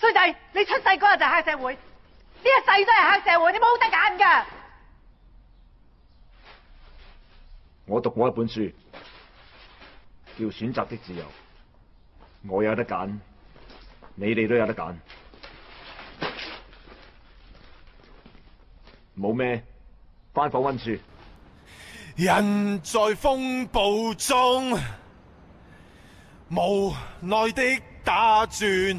衰仔，你出世嗰日就黑社會，呢一世都係黑社會，你冇得揀噶。我讀過一本書，叫《選擇的自由》，我有得揀，你哋都有得揀。冇咩，翻房溫書。人在風暴中，無奈的打轉。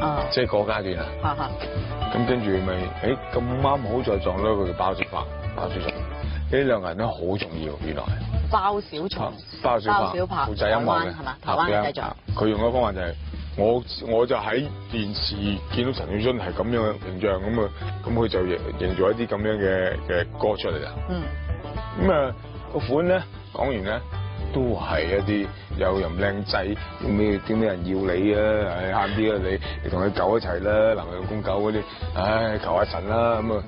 啊！即係個階段啊！嚇、啊、嚇，咁跟住咪，誒咁啱好再撞到佢嘅包小柏、包小松，呢兩個人咧好重要，原來包小松、包小柏負責音樂嘅係嘛？台灣嘅繼續，佢用嘅方法就係、是，我我就喺電視見到陳小春係咁樣嘅形象咁啊，咁佢就營造一啲咁樣嘅嘅歌出嚟啊。嗯。咁啊，個款咧講完咧。都係一啲有人唔靚仔，點咩咩人要你啊？唉慳啲啊，你你同佢狗一齊啦，啊，男朋友公狗嗰啲，唉求下神啦，啊、咁啊！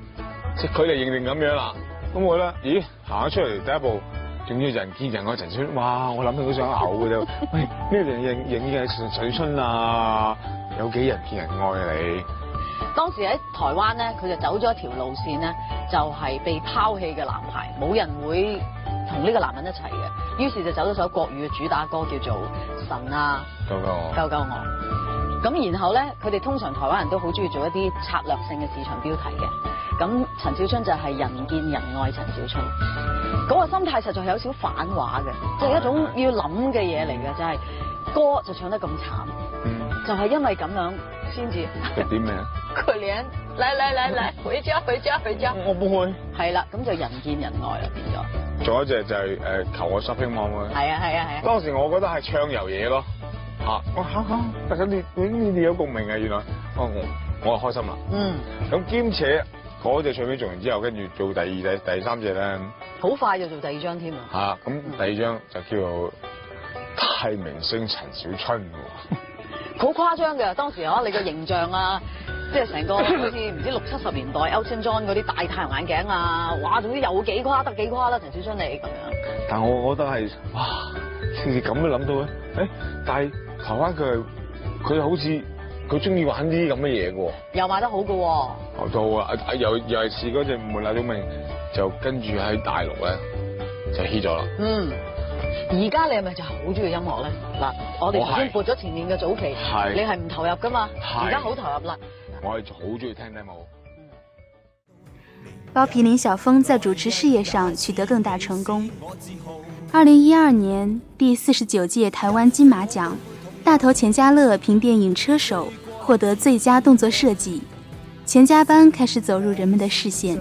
即係佢哋認定咁樣啦，啊，咁我咧，咦行咗出嚟第一步，仲要人見人愛陳小春，哇！我諗佢好想嘔嘅啫， 喂咩人認嘅陳陳小春啊，有幾人見人愛你？當時喺台灣咧，佢就走咗一條路線咧，就係被拋棄嘅男孩，冇人會同呢個男人一齊嘅。於是就走咗首國語嘅主打歌叫做《神啊》，救救我，救救我。咁然後咧，佢哋通常台灣人都好中意做一啲策略性嘅市場標題嘅。咁陳小春就係人見人愛陳小春，嗰個心態實在係有少反話嘅，即係一種要諗嘅嘢嚟嘅，就係歌就唱得咁慘，嗯，就係因為咁樣。先至食啲咩啊？佢拎嚟嚟嚟嚟， 回家，回家，回家。我不會。係啦，咁就人見人愛啦，變咗。仲有一隻就係、是、誒、呃，求我 shopping mall 啊。係啊係啊係。當時我覺得係唱遊嘢咯，吓我吓吓，突、啊、然、啊、你你，你，你有共鳴啊，原來，哦、我我我開心啦。嗯。咁兼且嗰隻唱片做完之後，跟住做第二隻第，第三隻咧。好快就做第二張添啊！吓，咁第二張就叫做、嗯、太明星陳小春。好誇張嘅，當時嚇你個形象啊，即係成個好似唔知六七十年代 Elton John 嗰啲大太陽眼鏡啊，哇，總之有幾誇得幾誇啦，陳小春你咁樣。但我覺得係，哇，先至咁樣諗到咧，誒、欸，但係台灣佢係佢好似佢中意玩啲咁嘅嘢嘅喎。又賣得好嘅喎。學到啊，又又係似嗰隻吳孟達咁明就跟住喺大陸咧就 hit 咗啦。嗯。而家你係咪就好中意音樂咧？嗱，我哋已經播咗前面嘅早期，係你係唔投入噶嘛？而家好投入啦。我係好中意聽音樂。冇包皮林曉峰在主持事業上取得更大成功。二零一二年第四十九屆台灣金馬獎，大頭錢嘉樂憑電影《車手》獲得最佳動作設計，錢家班開始走入人們的視線。